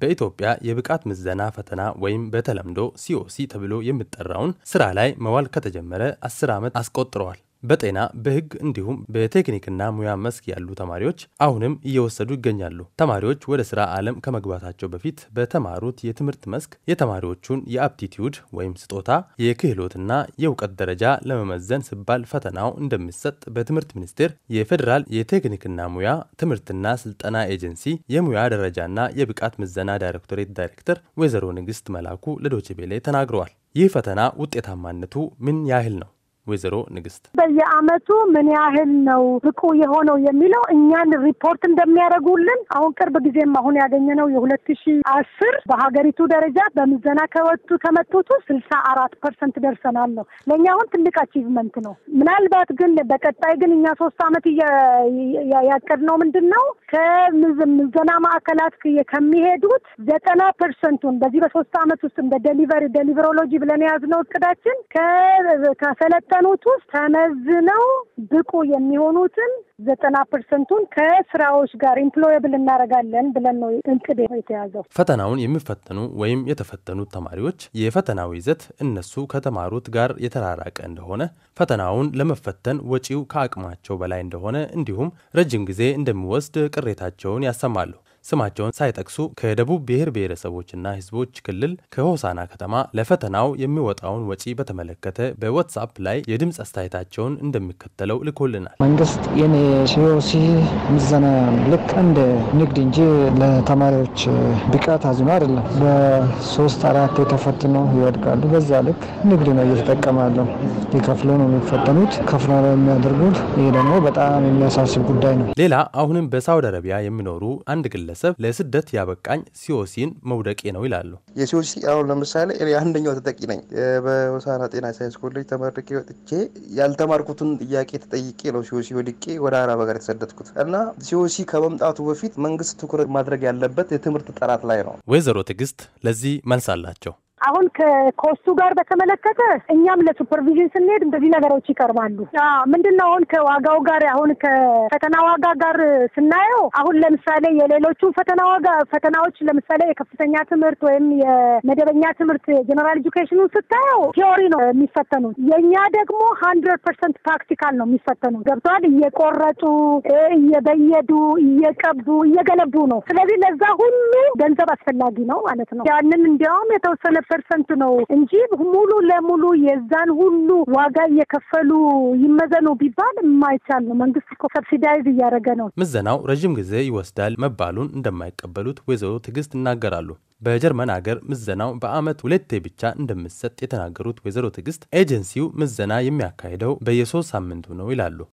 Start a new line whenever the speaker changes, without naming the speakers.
በኢትዮጵያ የብቃት ምዘና ፈተና ወይም በተለምዶ ሲኦሲ ተብሎ የሚጠራውን ስራ ላይ መዋል ከተጀመረ አስር ዓመት አስቆጥረዋል። በጤና በህግ እንዲሁም በቴክኒክና ሙያ መስክ ያሉ ተማሪዎች አሁንም እየወሰዱ ይገኛሉ። ተማሪዎች ወደ ስራ ዓለም ከመግባታቸው በፊት በተማሩት የትምህርት መስክ የተማሪዎቹን የአፕቲቲዩድ ወይም ስጦታ የክህሎትና የእውቀት ደረጃ ለመመዘን ሲባል ፈተናው እንደሚሰጥ በትምህርት ሚኒስቴር የፌዴራል የቴክኒክና ሙያ ትምህርትና ስልጠና ኤጀንሲ የሙያ ደረጃና የብቃት ምዘና ዳይሬክቶሬት ዳይሬክተር ወይዘሮ ንግስት መላኩ ለዶችቤሌ ተናግረዋል። ይህ ፈተና ውጤታማነቱ ምን ያህል ነው? ወይዘሮ ንግስት
በየአመቱ ምን ያህል ነው ብቁ የሆነው የሚለው እኛን ሪፖርት እንደሚያደርጉልን አሁን ቅርብ ጊዜም አሁን ያገኘነው የሁለት ሺ አስር በሀገሪቱ ደረጃ በምዘና ከወጡ ከመጡቱ ስልሳ አራት ፐርሰንት ደርሰናል ነው ለእኛ አሁን ትልቅ አቺቭመንት ነው። ምናልባት ግን በቀጣይ ግን እኛ ሶስት አመት ያቀድነው ምንድን ነው ከምዘና ማዕከላት ከሚሄዱት ዘጠና ፐርሰንቱን በዚህ በሶስት አመት ውስጥ እንደ ደሊቨሪ ደሊቨሮሎጂ ብለን የያዝነው እቅዳችን ከሰለጠ ከተፈተኑት ውስጥ ተመዝነው ብቁ የሚሆኑትን ዘጠና ፐርሰንቱን ከስራዎች ጋር ኢምፕሎየብል እናደርጋለን ብለን ነው እንቅድ የተያዘው።
ፈተናውን የሚፈተኑ ወይም የተፈተኑት ተማሪዎች የፈተናው ይዘት እነሱ ከተማሩት ጋር የተራራቀ እንደሆነ፣ ፈተናውን ለመፈተን ወጪው ከአቅማቸው በላይ እንደሆነ፣ እንዲሁም ረጅም ጊዜ እንደሚወስድ ቅሬታቸውን ያሰማሉ። ስማቸውን ሳይጠቅሱ ከደቡብ ብሔር ብሔረሰቦችና ህዝቦች ክልል ከሆሳና ከተማ ለፈተናው የሚወጣውን ወጪ በተመለከተ በዋትሳፕ ላይ የድምፅ አስተያየታቸውን እንደሚከተለው ልኮልናል።
መንግስት የኔ ሲኦሲ ምዘና ልክ እንደ ንግድ እንጂ ለተማሪዎች ብቃት አዝኖ አይደለም። በሶስት አራት የተፈትኖ ይወድቃሉ። በዛ ልክ ንግድ ነው እየተጠቀማለሁ። የከፍሎ ነው የሚፈተኑት፣ ከፍሎ ነው የሚያደርጉት። ይህ ደግሞ በጣም የሚያሳስብ ጉዳይ
ነው። ሌላ አሁንም በሳውዲ አረቢያ የሚኖሩ አንድ ግለ ግለሰብ ለስደት ያበቃኝ ሲኦሲን መውደቄ ነው ይላሉ። የሲኦሲ አሁን ለምሳሌ አንደኛው ተጠቂ ነኝ። በሆሳዕና ጤና ሳይንስ ኮሌጅ ተመርቄ ወጥቼ ያልተማርኩትን ጥያቄ ተጠይቄ ነው ሲኦሲ ወድቄ ወደ አረብ ሀገር የተሰደድኩት እና ሲኦሲ ከመምጣቱ በፊት መንግስት ትኩረት ማድረግ ያለበት የትምህርት ጥራት ላይ ነው። ወይዘሮ ትዕግስት ለዚህ መልስ አላቸው።
አሁን ከኮስቱ ጋር በተመለከተ እኛም ለሱፐርቪዥን ስንሄድ እንደዚህ ነገሮች ይቀርባሉ። ምንድን ነው አሁን ከዋጋው ጋር አሁን ከፈተና ዋጋ ጋር ስናየው አሁን ለምሳሌ የሌሎቹ ፈተና ዋጋ ፈተናዎች ለምሳሌ የከፍተኛ ትምህርት ወይም የመደበኛ ትምህርት የጀነራል ኤጁኬሽኑን ስታየው ቲዮሪ ነው የሚፈተኑት። የእኛ ደግሞ ሀንድረድ ፐርሰንት ፕራክቲካል ነው የሚፈተኑት። ገብተዋል። እየቆረጡ እየበየዱ እየቀቡ እየገነቡ ነው። ስለዚህ ለዛ ሁሉ ገንዘብ አስፈላጊ ነው ማለት ነው። ያንን እንዲያውም የተወሰነ ፐርሰንት ነው እንጂ ሙሉ ለሙሉ የዛን ሁሉ ዋጋ እየከፈሉ ይመዘኑ ቢባል የማይቻል ነው። መንግስት እኮ ሰብሲዳይዝ እያደረገ ነው።
ምዘናው ረዥም ጊዜ ይወስዳል መባሉን እንደማይቀበሉት ወይዘሮ ትዕግስት ይናገራሉ። በጀርመን ሀገር ምዘናው በአመት ሁለቴ ብቻ እንደምሰጥ የተናገሩት ወይዘሮ ትዕግስት ኤጀንሲው ምዘና የሚያካሂደው በየሶስት ሳምንቱ ነው ይላሉ።